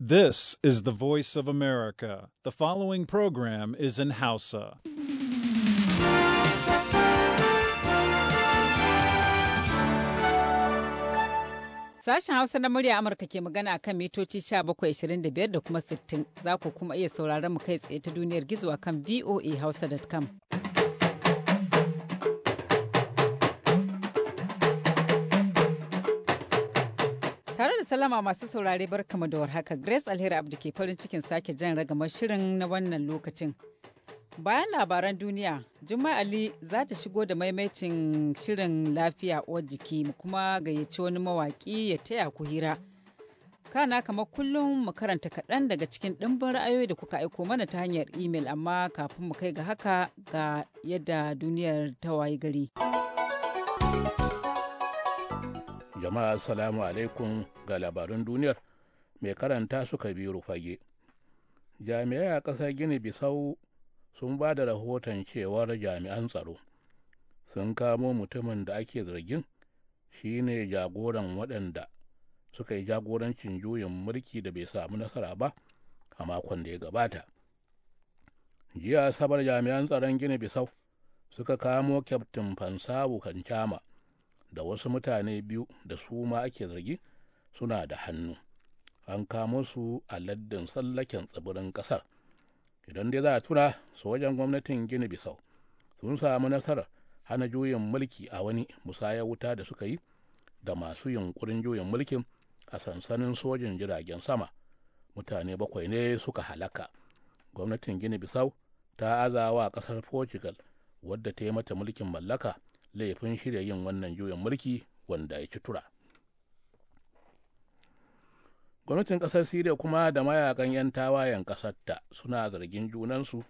This is the voice of America. The following program is in Hausa. Sashen Hausa na murya Amurka ke magana akan mitoci 1725 da kuma 60 za ku kuma iya sauraron mu kai tsaye ta duniyar gizo akan voahausa.com. Salama masu saurare barkamu da haka. Grace Alheri abdu ke farin cikin sake jan ragamar shirin na wannan lokacin. Bayan labaran duniya, juma Ali za ta shigo da maimacin shirin lafiya uwar jiki mu kuma gayyaci wani mawaƙi ya taya ku hira. Kana kama kullum mu karanta kaɗan daga cikin ɗimbin ra'ayoyi da kuka aiko mana ta hanyar imel amma kafin mu kai ga haka ga yadda duniyar ta wayi gari. jama'a Salamu alaikum ga labarin duniyar mai karanta su kabiru fage jami'ai a ƙasar gini bisau sun ba da rahoton cewar jami'an tsaro sun kamo mutumin da ake zargin shine jagoran waɗanda suka yi jagorancin juyin mulki da bai samu nasara ba a makon da ya gabata jiya sabar jami'an tsaron gini bisau suka kamo kyaftin fansawu kancama da wasu mutane biyu da su ma ake zargi suna da hannu an kamo su a laddin tsallaken tsibirin ƙasar. idan dai za a tura su wajen gwamnatin gini bisau sun samu nasarar hana juyin mulki a wani musayar wuta da suka yi da masu yunkurin juyin mulkin a sansanin sojin jiragen sama mutane bakwai ne suka halaka gwamnatin gini bisau ta azawa ƙasar portugal wadda ta yi mata mulkin mallaka laifin shirya yin wannan juyin mulki wanda ya ci tura gwamnatin kasar siriya kuma da mayakan 'yan tawayen ƙasarta suna zargin junansu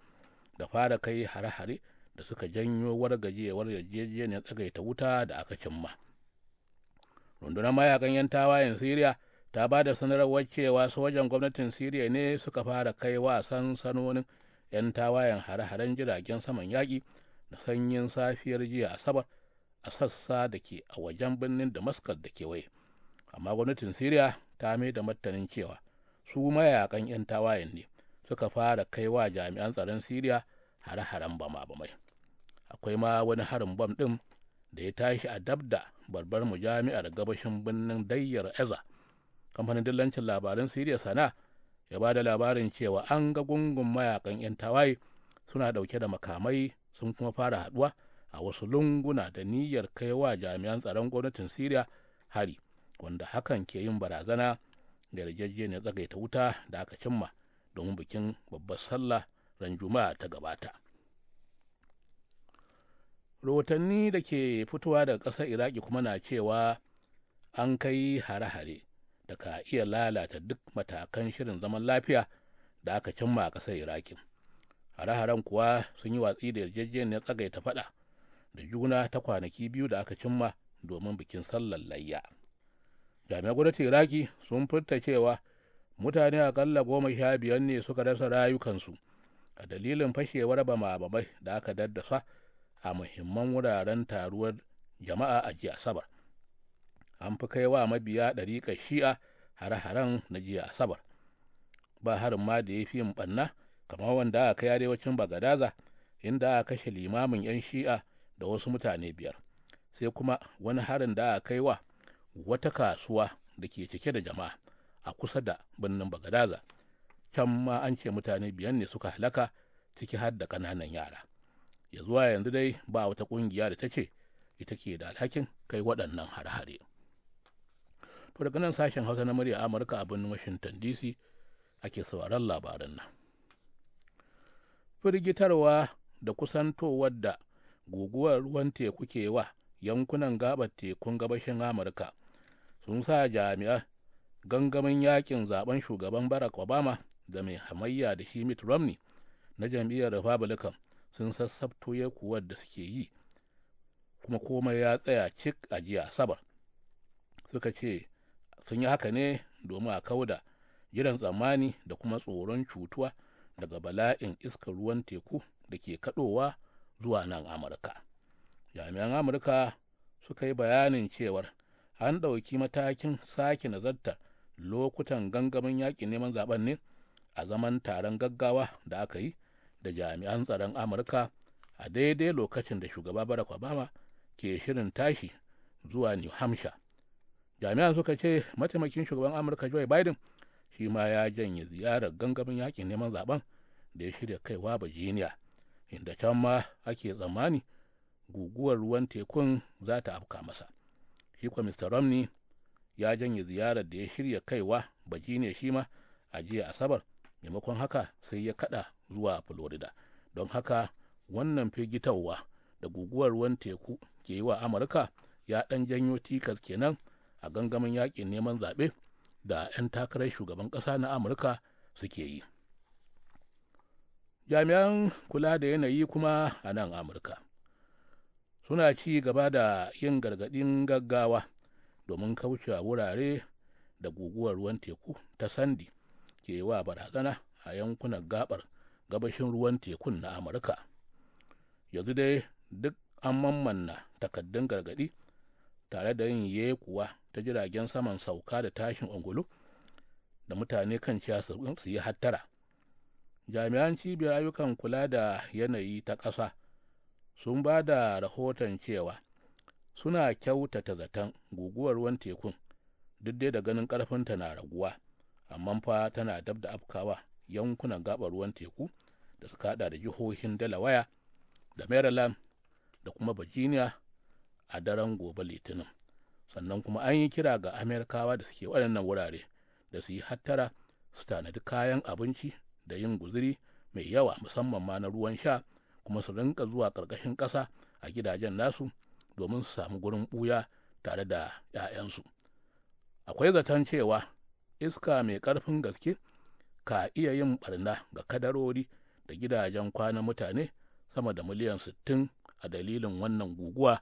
da fara kai hare-hare da suka janyo wargajewar yarjejeniyar tsagaita wuta da aka cimma rundunar mayakan 'yan tawayen siriya ta ba da sanarwar cewa sojan gwamnatin siriya ne suka fara kai wa sansanonin 'yan tawayen hare-haren jiragen saman yaƙi da sanyin safiyar jiya asabar a sassa da ke a wajen birnin damascus da kewaye amma gwamnatin Siriya ta mai da martanin cewa su mayakan 'yan tawayen ne suka fara kai wa jami'an tsaron syria hare-haren bama-bamai akwai ma wani harin bam ɗin da ya tashi a dabda babbar mujami'ar gabashin birnin dayyar eza kamfanin dillancin labaran siriya sana ya ba da labarin cewa an ga gungun mayakan 'yan tawaye suna ɗauke da makamai sun kuma fara haduwa a wasu lunguna da niyyar kaiwa jami'an tsaron gwamnatin siriya hari wanda hakan ke yin barazana da yarjejeniyar tsagaita wuta da aka cimma domin bikin babbar sallah ran juma'a ta gabata rahotanni da ke fitowa daga ƙasar iraki kuma na cewa an kai hare-hare da ka iya lalata duk matakan shirin zaman lafiya da aka cimma a ƙasar iraki hare-haren kuwa sun yi watsi da yarjejeniyar tsagaita faɗa da juna ta kwanaki biyu da aka cimma domin bikin sallar layya jami'an gwamnatin iraki sun furta cewa mutane akalla goma sha biyar ne suka rasa rayukansu a dalilin fashewar bama-bamai da aka daddasa a muhimman wuraren taruwar jama'a a jiya asabar an fi kai wa mabiya ɗariƙar shi'a hare-haren na jiya asabar ba harin ma da ya fi ɓanna kamar wanda aka kai arewacin bagadaza inda aka kashe limamin 'yan shi'a da wasu mutane biyar sai kuma wani harin da aka kai wa wata kasuwa da ke cike da jama'a a kusa da birnin bagadaza can ma an ce mutane biyan ne suka halaka ciki har da ƙananan yara ya zuwa yanzu dai ba wata kungiya da ta ce ita ke da alhakin kai waɗannan hare-hare to daga nan sashen hausa na murya amurka a birnin washington dc ake sauraron labaran nan firgitarwa da kusantowar da guguwar ruwan teku ke wa yankunan gabar tekun gabashin amurka sun sa jami'an gangamin yakin zaben shugaban barack obama da mai hamayya da shi mitt romney na jam'iyyar republican sun sassabto yakuwar da suke yi kuma komai ya tsaya cik a jiya asabar suka ce sun yi haka ne domin a kauda jiran tsammani da kuma tsoron cutuwa daga bala'in iskar ruwan teku da ke kadowa zuwa nan amurka jami'an amurka suka yi bayanin cewar an ɗauki matakin sake nazarta lokutan gangamin yaƙin neman zaben ne a zaman taron gaggawa da aka yi da jami'an tsaron amurka a daidai lokacin da shugaba barack obama ke shirin tashi zuwa new hampshire jami'an suka ce mataimakin shugaban amurka joe biden shi ma ya janye ziyarar gangamin yakin neman zaben da ya shirya kaiwa Virginia inda can ma ake tsammani guguwar ruwan tekun za ta afka masa shi kuwa Mr. Romney ya janye ziyarar da ya shirya kaiwa Virginia shi ma a jiya Asabar maimakon haka sai ya kada zuwa Florida don haka wannan firgitarwa da guguwar ruwan teku ke yi wa Amurka ya ɗan janyo tikas kenan a gangamin yakin neman zaɓe da 'yan takarar shugaban ƙasa na amurka suke yi jami'an kula da yanayi kuma a nan amurka suna ci gaba da yin gargaɗin gaggawa domin kauce wurare da guguwar ruwan teku ta sandi ke wa barazana a yankunan gabar gabashin ruwan tekun na amurka yanzu dai duk an mammanna takaddun gargaɗi tare da yin yekuwa ta jiragen saman sauka da tashin ungulu da mutane kan ciya su yi hattara jami'an cibiyar ayyukan kula da yanayi ta ƙasa sun ba da rahoton cewa suna kyautata zaton guguwar ruwan tekun duk dai da ganin ƙarfinta na raguwa amma fa tana dab da afkawa yankunan gabar ruwan teku da suka hada da jihohin delaware da maryland da kuma virginia a daren gobe litinin sannan kuma an yi kira ga amerikawa da suke waɗannan wurare da su yi hattara su tanadi kayan abinci da yin guziri mai yawa musamman ma na ruwan sha kuma su rinka zuwa ƙarƙashin ƙasa a gidajen nasu domin su samu gurin ɓuya tare da 'ya'yansu akwai zaton cewa iska mai ƙarfin gaske ka iya yin ɓarna ga kadarori da gidajen kwana mutane sama da miliyan 60 a dalilin wannan guguwa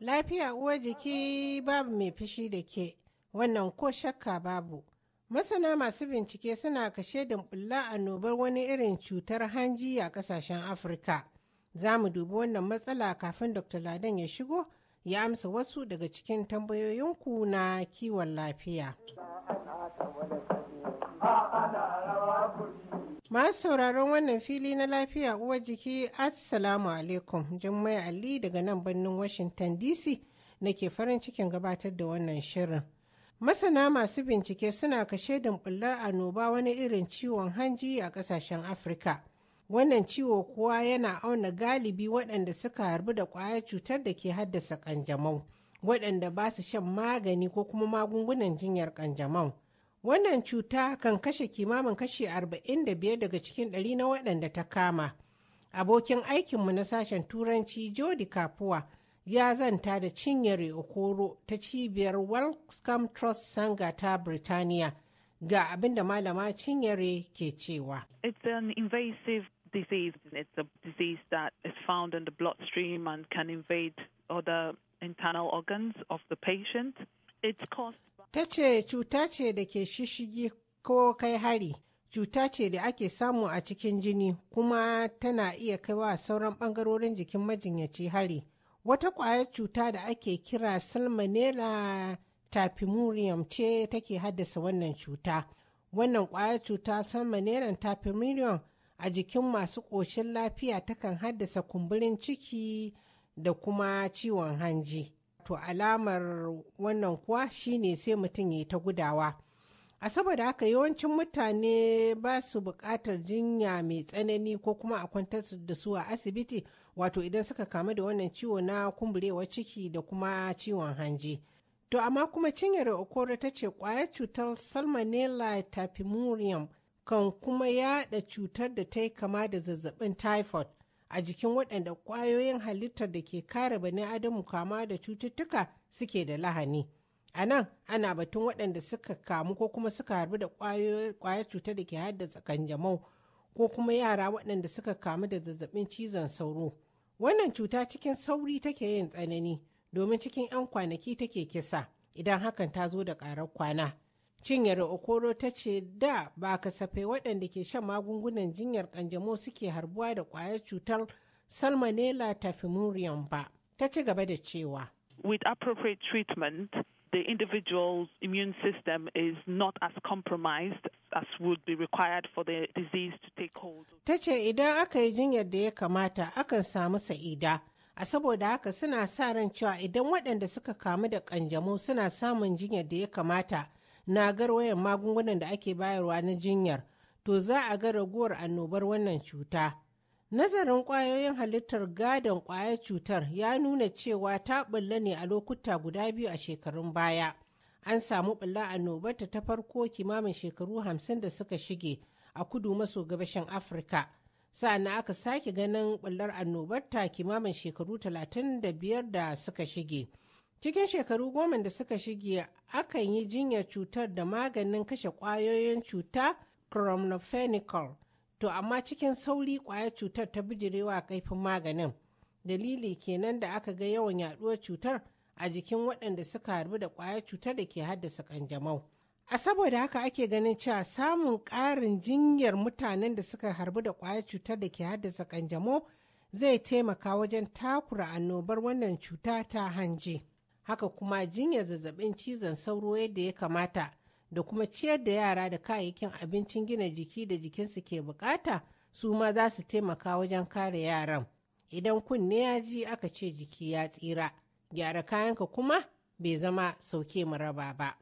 Lafiya uwar jiki babu mai fushi da ke, wannan ko shakka babu. Masana masu bincike suna kashe da bulla annobar wani irin cutar hanji a kasashen Afirka. Za mu dubi wannan matsala kafin Dr. Ladan ya shigo ya amsa wasu daga cikin tambayoyinku na kiwon lafiya. Masu sauraron wannan fili na lafiya uwar jiki Assalamu alaikum Jummai Ali daga nan birnin Washington DC na ke farin cikin gabatar da wannan shirin. Masana masu bincike suna kashe bullar annoba wani irin ciwon hanji a kasashen Afirka. Wannan ciwo kuwa yana auna galibi waɗanda suka harbi da ƙwayar cutar da ke haddasa ƙanjamau, waɗanda ba su shan magani ko kuma magungunan jinyar ƙanjamau. Wannan cuta kan kashe kimamin kashi 45 daga cikin na waɗanda ta kama. Abokin aikinmu na sashen Turanci Kapuwa ya zanta da cinyere Okoro ta cibiyar Trust Sanga ta Birtaniya ga abin da malama cinyere ke cewa. It's an invasive disease. It's a disease that is found in the bloodstream and can invade other internal organs of the patient. It's caused ta ce cuta ce da ke shishigi ko kai hari cuta ce da ake samu a cikin jini kuma tana iya kaiwa sauran bangarorin jikin majinyaci hari wata kwayar cuta da ake kira salmonella typhimurium ce take haddasa wannan cuta wannan kwayar cuta salmonella typhimurium a jikin masu ƙoshin lafiya takan haddasa kumburin ciki da kuma ciwon hanji to alamar wannan kuwa shine sai mutum ya yi ta gudawa a saboda haka yawancin mutane ba su buƙatar jinya mai tsanani ko kuma a kwantar da su a asibiti wato idan suka kamu da wannan ciwo na kumburewa ciki da kuma ciwon hanji to amma kuma cinyar okoro ta ce kwayar cutar salmonella typhimurium kan kuma yada cutar da ta yi kama da zazzabin typhoid a jikin waɗanda ƙwayoyin halittar da ke kare bani adamu kama da cututtuka suke da lahani. A nan ana batun waɗanda suka kamu ko kuma suka harbi da ƙwayar cuta da ke haddasa kanjamau ko kuma yara waɗanda suka kamu da zazzabin cizon sauro. Wannan cuta cikin sauri take yin tsanani domin cikin 'yan kwanaki take kisa idan hakan ta zo da ƙarar kwana. Cinyar Okoro ta ce da ba kasafai waɗanda ke shan magungunan jinyar ƙanjamau suke harbuwa da ƙwayar cutar salmonella typhimurium ba. Ta ci gaba da cewa. With appropriate treatment, the individual's immune system is not as compromised as would be required for the disease to take hold. Ta ce idan aka yi jinyar da ya kamata akan samu sa'ida. A saboda haka suna sa ran cewa idan waɗanda suka kamu da ƙanjamau suna samun jinyar da ya kamata na garwayan magungunan da ake bayarwa na jinyar to za a ga raguwar annobar wannan cuta. Nazarin ƙwayoyin halittar gadon ƙwayar cutar ya nuna cewa ta bulla ne a lokuta guda biyu a shekarun baya. An samu bulla annobarta ta farko kimamin shekaru hamsin da suka shige a kudu maso gabashin Afirka. na aka sake ganin bullar annobarta kimamin shekaru talatin da biyar da suka shige. Cikin shekaru goma da suka shige akan yi jinyar cutar da maganin kashe ƙwayoyin cuta chromophenicol to amma cikin sauri ƙwayar cutar ta bijirewa kaifin maganin dalili kenan da aka ga yawan yaɗuwar cutar a jikin waɗanda suka harbu da ƙwayar cutar da ke haddasa ƙanjamau a saboda haka ake ganin cewa samun ƙarin jinyar mutanen da suka harbi da ƙwayar cutar da ke haddasa ƙanjamau zai taimaka wajen takura annobar wannan cuta ta hanji. haka kuma jinyar zazzabin cizon sauro yadda ya kamata da kuma ciyar da yara da kayayyakin abincin gina jiki da jikinsu ke bukata su ma za su taimaka wajen kare yaran idan kunne ya ji aka ce jiki ya tsira gyara kayanka kuma bai zama sauke mu raba ba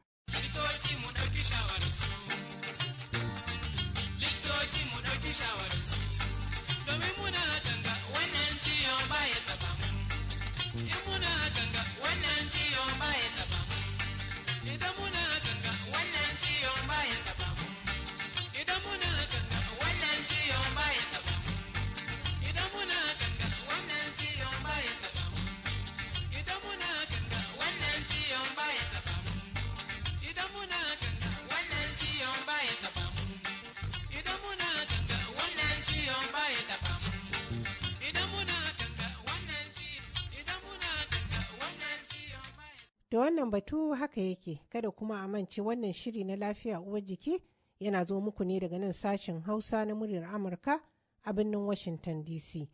Da wannan batu haka yake, kada kuma a mance wannan shiri na lafiya uwar jiki yana zo muku ne daga nan sashen Hausa na muryar Amurka a birnin Washington DC.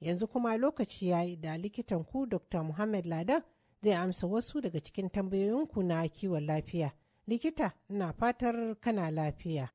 Yanzu kuma lokaci ya yi da likitan ku Dr. Muhammad Ladan zai amsa wasu daga cikin tambayoyinku na kiwon lafiya. Likita, ina fatar kana lafiya.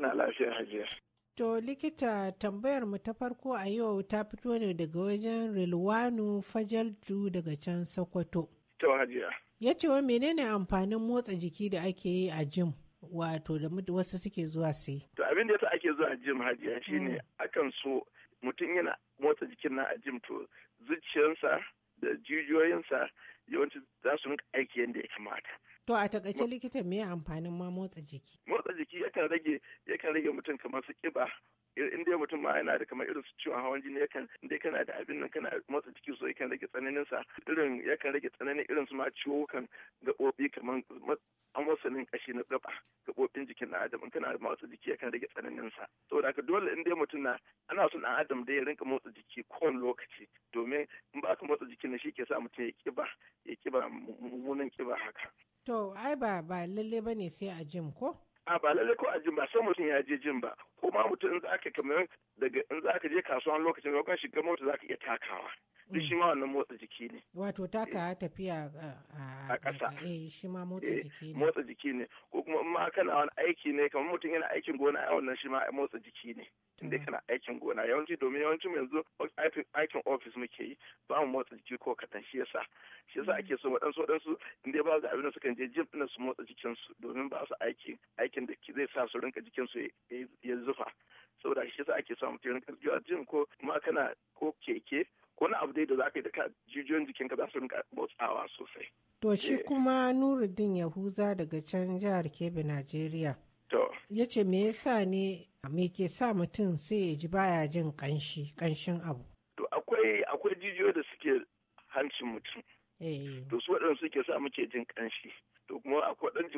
Na lafiya hajiya. To likita tambayar mu ta farko a yau ta fito ne daga wajen Rilwanu Fajaldu daga can Sokoto. To hajiya. Ya ce wa menene amfanin motsa jiki da ake yi a jim wato da wasu suke zuwa su yi. To abin da yasa ake zuwa jim hajiya shine mm. akan so mutum yana motsa jikin na a jim to zuciyarsa jijiyoyinsa yawanci za su aiki yadda ya kamata To a takaice likita me amfanin ma motsa jiki? Motsa jiki yakan rage yakan rage mutum kamar su kiba in dai mutum ma yana da kamar irin su ciwon hawan jini yakan dai kana da abin nan kana motsa jiki so yakan rage tsananin sa irin yakan rage tsananin irin su ma ciwukan gaɓoɓi kamar amosanin kashi na gaba gaɓoɓin jikin na adam in kana da motsa jiki yakan rage tsananin sa saboda haka dole in dai mutum na ana son ɗan adam da ya rinka motsa jiki kowane lokaci domin in ba ka motsa jiki na shi ke sa mutum ya kiba ya kiba mummunan kiba haka To, ai ba ba lalle ba ne sai a jim ko? A ba lalle ko a jim ba sai mutum ya je jim ba. Ko ma mutum in za ka kamar daga in za ka je kasuwa lokacin lokacin shiga mota za ka iya takawa. duk shi ma wannan motsa jiki ne wato taka eh. tafiya ah, ah, a ƙasa eh shi ma motsa eh, jiki ne motsa jiki ne ko kuma in ma kana wani aiki ne kamar mutum yana aikin gona a wannan shi ma motsa jiki ne tunda mm. kana aikin gona yawanci domin yawancin yanzu aikin ofis muke yi ba mu motsa jiki ko kaɗan shi yasa shi yasa ake so waɗansu waɗansu in dai ba su abin da sukan je jim ɗin su motsa jikinsu domin ba su aiki aikin da zai sa su rinka jikinsu ya zufa saboda shi yasa ake so mutum rinka zuwa jim ko ma kana ko keke wani abu dai da za ka yi da jijiyoyin jikinka za su rinka motsawa sosai. To shi eh. kuma Nuruddin Yahuza daga can jihar Kebbi Najeriya. To. Ya ce me yasa ne me ke sa mutum sai ya ji baya jin kanshi kanshin abu. To akwai akwai jijiyoyi da suke hancin mutum. Eh. To su waɗanda suke sa muke jin kanshi. to kuma akwai dan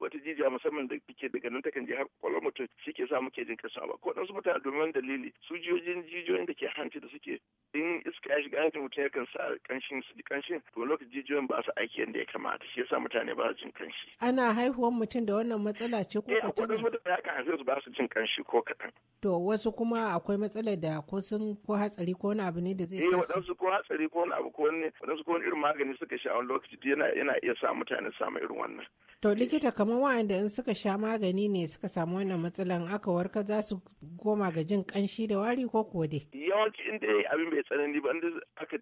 wata jijiya musamman da take daga nan takan je har kwallon mutum shi ke sa muke jin kasan ba ko su mutane domin dalili su jijiyoyin jijiyoyin da ke hanci da suke in iska ya shiga hanci mutum yakan sa kanshin su ji kanshin to lokacin jijiyoyin ba su aiki yadda ya kamata shi yasa mutane ba su jin kanshi ana haihuwar mutum da wannan matsala ce ko eh, ka tana mutane hakan haife su ba su jin kanshi ko kaɗan to wasu kuma akwai matsala da ko sun ko hatsari ko wani abu ne da zai sa eh, su eh waɗansu ko hatsari ko wani abu ko wani waɗansu ko wani irin magani suka sha a wani lokaci yana yana iya sa mutane samu irin wannan to likita kamar wa'anda in suka sha magani ne suka samu wannan matsalan aka warka za su goma ga jin kanshi da wari ko kuwa dai yawanci inda abin bai tsanani ba inda aka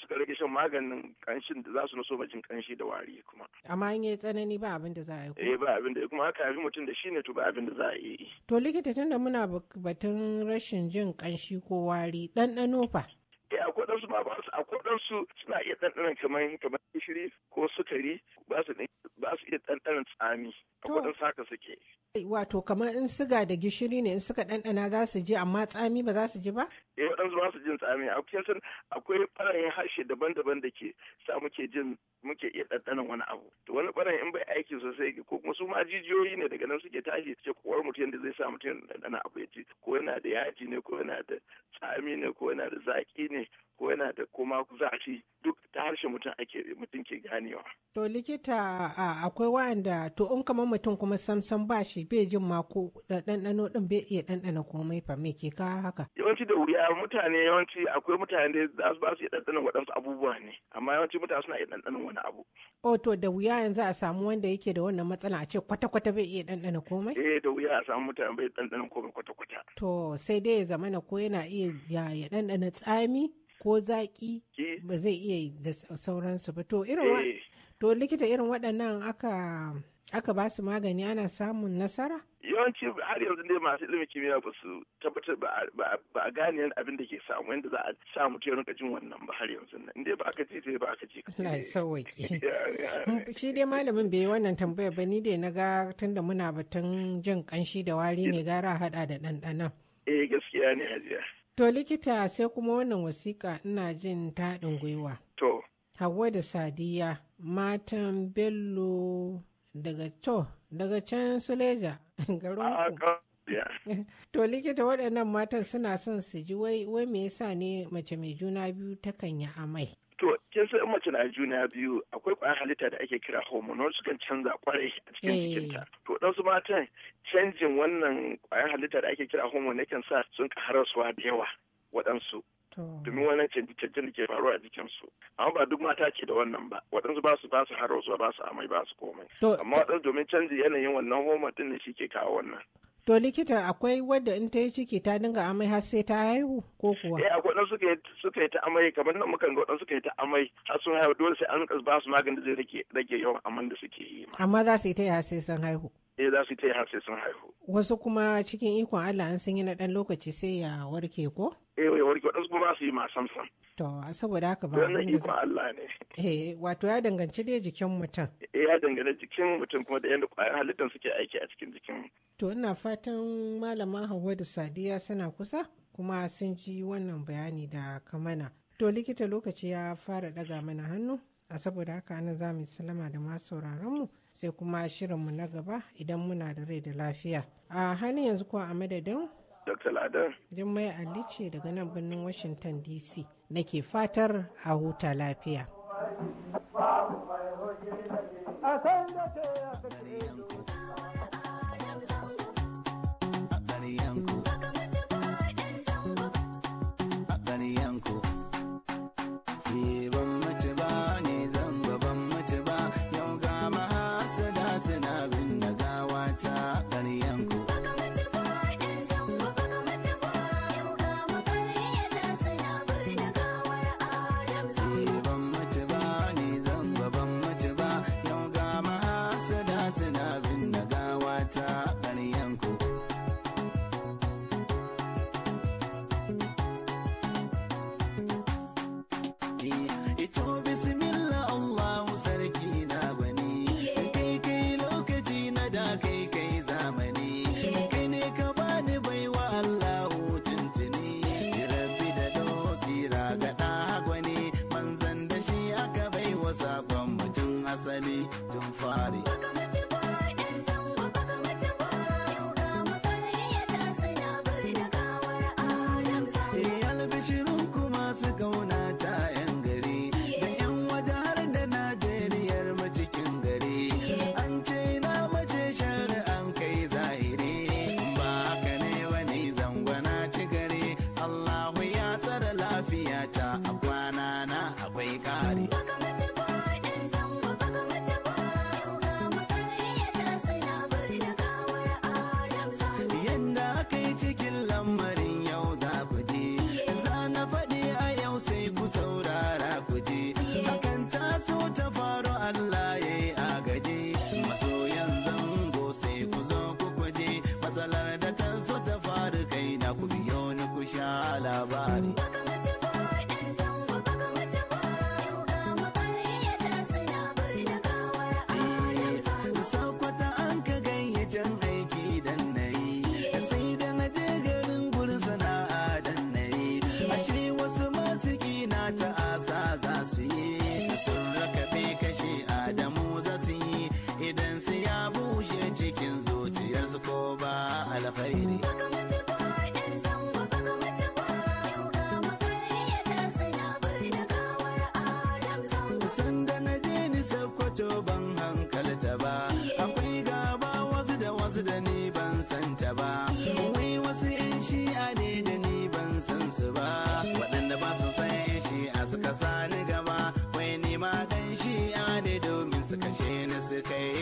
suka rage shan maganin kanshin da za su naso jin kanshi da wari kuma amma in yayi tsanani ba abin da za a yi kuma. eh ba abin da kuma haka abin mutum da shi ne to ba abin da za a yi to likita tunda muna batun rashin jin kanshi ko wari ɗanɗano fa amma ba su akwai su suna iya ɗanɗanan kamar kamar gishiri ko sukari ba su iya ɗanɗanan tsami akwai dan haka suke. Wato kamar in siga da gishiri ne in suka dandana za su ji amma tsami ba za su ji ba? Eh waɗansu ba su jin tsami akwai san akwai farayin harshe daban-daban da ke sa muke jin muke iya ɗanɗanin wani abu to wani ɓarin in bai aiki sosai ko kuma su ma jijiyoyi ne daga nan suke tashi ce kowar mutum yadda zai sa mutum ɗanɗana abu ya ci ko yana da yaji ne ko yana da tsami ne ko yana da zaƙi ne ko yana da kuma zafi duk ta harshe mutum ake mutum ke ganewa. To likita akwai wa'anda to in kamar mutum kuma samsam ba shi bai jin ma ko ɗanɗano ɗin bai iya ɗanɗana komai fa me ke kawo haka. Yawanci da wuya mutane yawanci akwai mutane da za su ba su iya ɗanɗanon waɗansu abubuwa ne amma yawanci mutane suna iya ɗanɗanon wani abu. O oh, to da wuya yanzu a samu wanda yake da wannan matsala a ce kwata-kwata bai iya ɗanɗana komai? Eh da wuya a samu mutane bai ɗanɗana komai kwata-kwata. To sai dai ya na ko yana iya ya ɗanɗana tsami ko zaƙi ba zai iya da sauransu ba. To irin eh. to likita irin waɗannan aka aka ba magani ana samun nasara? yawanci har yanzu dai masu ilimin kimiyya ba su tabbatar ba a gane abin da ke samu yadda za a sa mutum rinka jin wannan ba har yanzu nan inda ba aka ce sai ba aka ji Allah sauwaki shi dai malamin bai wannan tambaya ba ni dai na ga tunda muna batun jin kanshi da wari ne gara hada da ɗanɗana. eh gaskiya ne hajiya to likita sai kuma wannan wasiƙa ina jin taɗin gwiwa to Hauwa da Sadiya matan Bello daga to daga can suleja garin ah, to likita waɗannan matan suna son su ji wai me yasa ne mace mai juna biyu ta kan yi amai To, kin san mace na juna biyu akwai ƙwayar halitta da ake kira hormonal sukan canza kwarai a cikin eh. jikinta. To, su matan canjin wannan ƙwayar halitta da ake kira hormone yakan sa sun ƙara rasuwa da yawa waɗansu. domin wannan canje-canje da ke faruwa a su amma ba duk mata ke da wannan ba waɗansu ba su ba su wasu ba su amai ba su komai amma waɗansu domin canji yanayin wannan homa din ne shi ke kawo wannan To likita akwai wadda in ta yi ciki ta dinga amai har sai ta haihu ko kuwa? Eh akwai wadansu suka yi ta amai kamar nan mukan ga wadansu suka yi ta amai har sun haihu dole sai an ba su magani da zai rage yawan aman da suke yi. Amma za su yi ta yi har sai sun haihu. eh za su ta har sai sun haihu. Wasu kuma cikin ikon Allah an sun yi na ɗan lokaci sai ya warke ko? Eh ya warke waɗansu kuma ba su yi ma samsam. To, saboda haka ba abin da Allah ne. Eh, wato ya danganci dai jikin mutum. Eh, ya danganci jikin mutum kuma da yadda ƙwayar halittar suke aiki a cikin jikin. To, ina fatan malama Hauwa da Sadiya suna kusa kuma sun ji wannan bayani da kamana. To, likita lokaci ya fara daga mana hannu. A saboda haka ana za mu salama da masu sauraronmu sai kuma shirinmu na gaba idan muna da rai da lafiya. A hannun yanzu kuwa a madadin Dr. Ladan. Jummai Ali ce daga nan birnin Washington DC nake fatar a huta lafiya. suna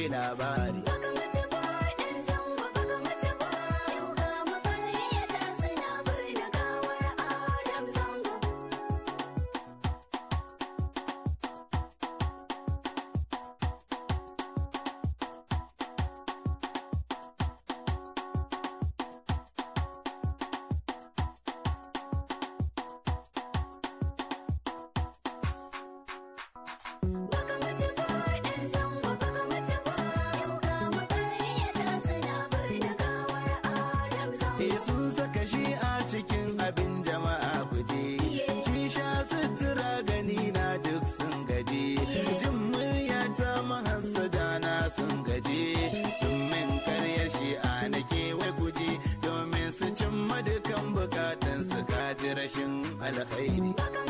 labari sun saka shi a cikin abin jama'a kuje cisha sutura gani na duk sun gaji jin murya ta mahassada na sun gaji sun min karya shi a na kuje domin su cimma dukan bukatan su kaji rashin alkhairi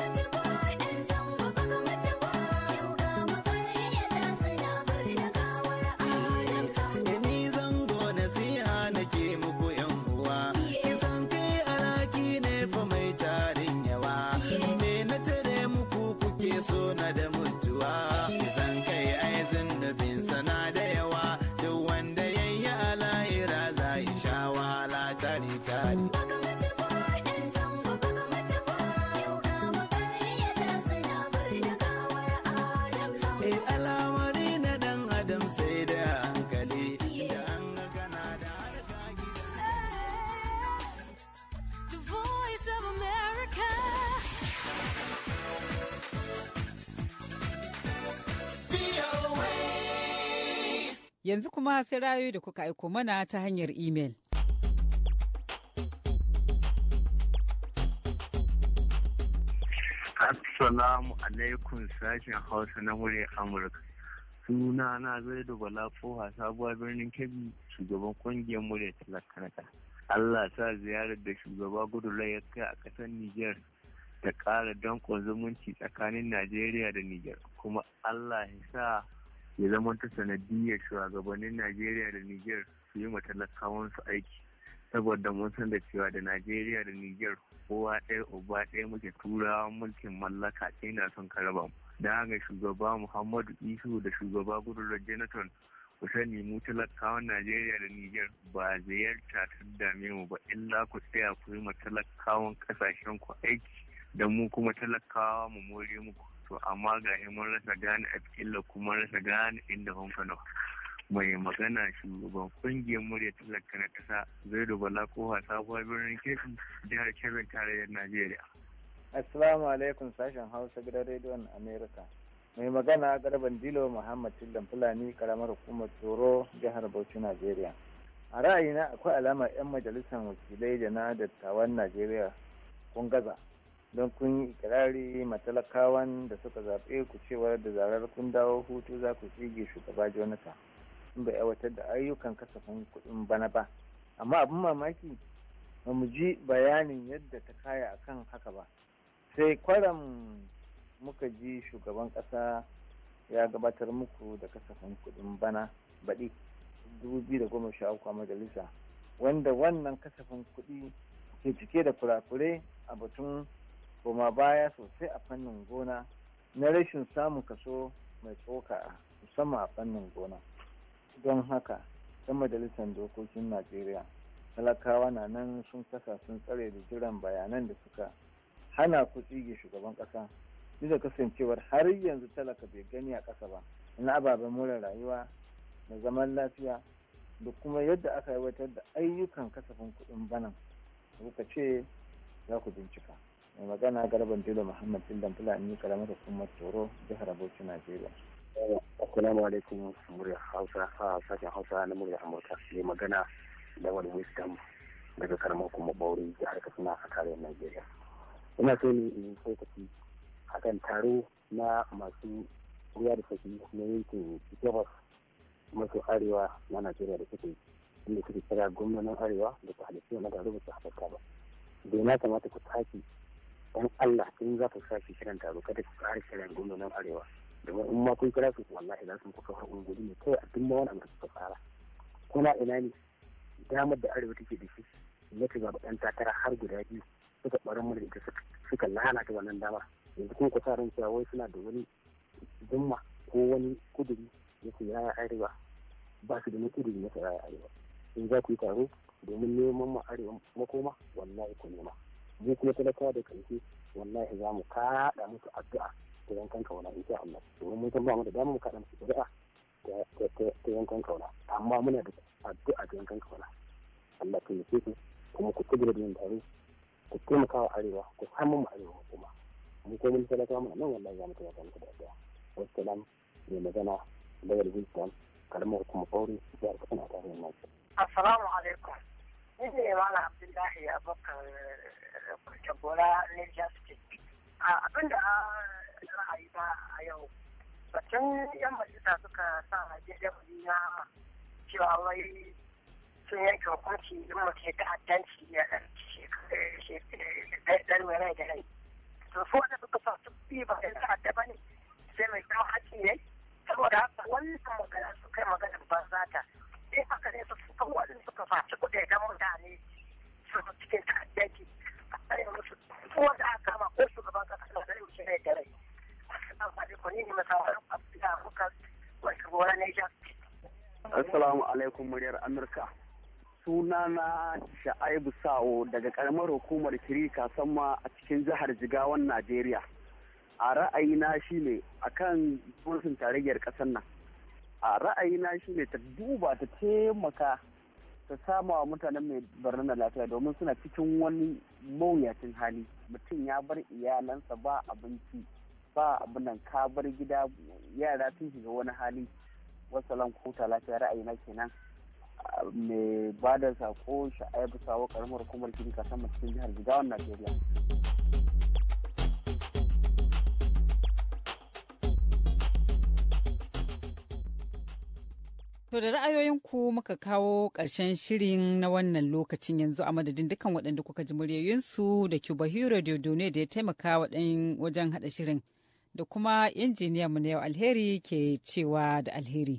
Yanzu kuma sai rayu da kuka aiko mana ta hanyar imel. Assalamu alaikum sashen Hausa na wuri Amurka. Suna na zai da Bala Foha sabuwar birnin Kebbi shugaban kungiyar murya talaka Allah sa ziyarar da shugaba gudu ya kai a ƙasar Nijar ta ƙara danƙon zumunci tsakanin Najeriya da Nijar. Kuma Allah ya sa ya zama ta sanadiyar shugabannin najeriya da niger su yi matalakawan su aiki saboda mun san da cewa da najeriya da niger kowa ɗaya uba ɗaya muke turawa mulkin mallaka ɗaya na son karaba mu da haka shugaba muhammadu isu da shugaba gudunar jonathan ku sani mu talakawan najeriya da niger ba ziyarta ta dame mu ba illa ku tsaya ku yi matalakawan ƙasashen ku aiki da mu kuma talakawa mu more muku to amma ga mun rasa gane a cikin kuma rasa gane inda hunka mai magana shugaban kungiyar murya talaka na kasa zai bala koha sabuwar birnin kebbi jihar kebbi tarayyar najeriya assalamu alaikum sashen hausa gidan rediyon america mai magana garban dilo muhammad tildan fulani karamar hukumar tsoro jihar bauchi najeriya a ra'ayina akwai alamar 'yan majalisar wakilai da na dattawan najeriya kun gaza don kun yi ikirari matalakawan da suka zaɓe ku cewar da zarar kun dawo hutu za ku tsige shugaba jonathan in bai aiwatar da ayyukan kasafin kuɗin bana ba amma abin mamaki ba mu ji bayanin yadda ta kaya akan haka ba sai kwaran muka ji shugaban ƙasa ya gabatar muku da kasafin kuɗin bana baɗi 2013 a majalisa wanda wannan kasafin kuɗi ke cike da kurakure a batun koma baya sosai a fannin gona na rashin samun kaso mai tsoka a musamman a fannin gona don haka ta majalisar dokokin najeriya talakawa na nan sun kasa sun tsare da jiran bayanan da suka hana ku tsige shugaban ƙasa duk da kasancewar har yanzu talaka bai gani a ƙasa ba na ababen more rayuwa da zaman lafiya da kuma yadda aka aiwatar da ayyukan kasafin kuɗin banan kuka ce za ku bincika mai magana garban dila muhammad tildan fulani karamar hukumar toro jihar abokin najeriya assalamu alaikum murya hausa a sashen hausa na murya amurka mai magana da wani wisdom daga karamar kuma bauri jihar katsina a tarayyar najeriya ina so ne in tsokaci a kan taro na masu ruwa da saki na yankin gabas Masu arewa na najeriya da suke inda suke kira gwamnonin arewa da ta halittu na gaba ba su haɓaka ba domin kamata ku taki dan Allah in za ku sake kiran taro kada ku ƙara kiran nan arewa domin in ma kun kira su wallahi za su kuka kawar ne kawai a duk ma wani abu da suka fara kuna ina ne damar da arewa take da shi na ta ɗan takara har guda biyu suka ɓarin mana ita suka lalata wannan dama yanzu kun ku sa ran cewa wai suna da wani zumma ko wani kuduri na tsiraya arewa ba su da wani kuduri na tsiraya arewa in za ku yi taro domin neman ma arewa makoma wallahi ku nema. mu kuma talakawa da kanti wallahi za mu kada musu addu'a ta yankan kauna insha Allah domin mun san ba mu da damar mu kada musu addu'a ta yankan kauna amma muna da addu'a ta yankan kauna Allah ka yake su kuma ku kudura da yin tare ku taimaka wa arewa ku samu mu arewa kuma mu ko mun talaka mu nan wallahi za mu taimaka muku da addu'a wassalam mai magana daga Houston karamar kuma kauri jihar Katsina tare da Assalamu alaikum Ni eh, ne Malam Abdullahi Abubakar Kwantagora eh, Niger State. Abin da eh, ra'ayi ba a yau, batun yan majalisa suka sa jadawali na cewa wai sun yanke hukunci in mutum ya ta'addanci ya ɗan mai rai da rai. To su wanda suka sa su bi ba ɗan ta'adda ba ne sai mai kawo haƙƙi ne. Saboda haka wannan magana su kai magana ba za ta sai aka ne su suka wani suka faci kuɗe don mutane su cikin ta'addanci a tsaye musu wanda aka kama ko shugaban kasa na da yau shi ne da rai. Assalamu alaikum ni ne masawarin Abdullahi Abubakar wasu gora Niger. Assalamu alaikum muryar Amurka. Suna na Sha'aibu Sa'o daga karamar hukumar Kirika sama a cikin jihar Jigawan Najeriya. A ra'ayina shine akan gwamnatin tarayyar ƙasar nan. a ra'ayina shi ne ta duba ta taimaka ta sama wa mutanen mai barna lafiya domin suna cikin wani mawuyacin hali mutum ya bar iyalansa ba abinci ba abinan nan ka bar gida yara sun shiga wani hali wasalan kuta lafiya ra'ayina kenan mai ba da sako sha'aibu sawo karamar hukumar kiri kasan cikin jihar gida wannan najeriya To da ra'ayoyinku muka kawo ƙarshen shirin na wannan lokacin yanzu a madadin dukkan waɗanda kuka ji muryoyinsu da Cuba Hero ne da ya taimaka wajen haɗa shirin da kuma injiniyanmu na yau alheri ke cewa da alheri.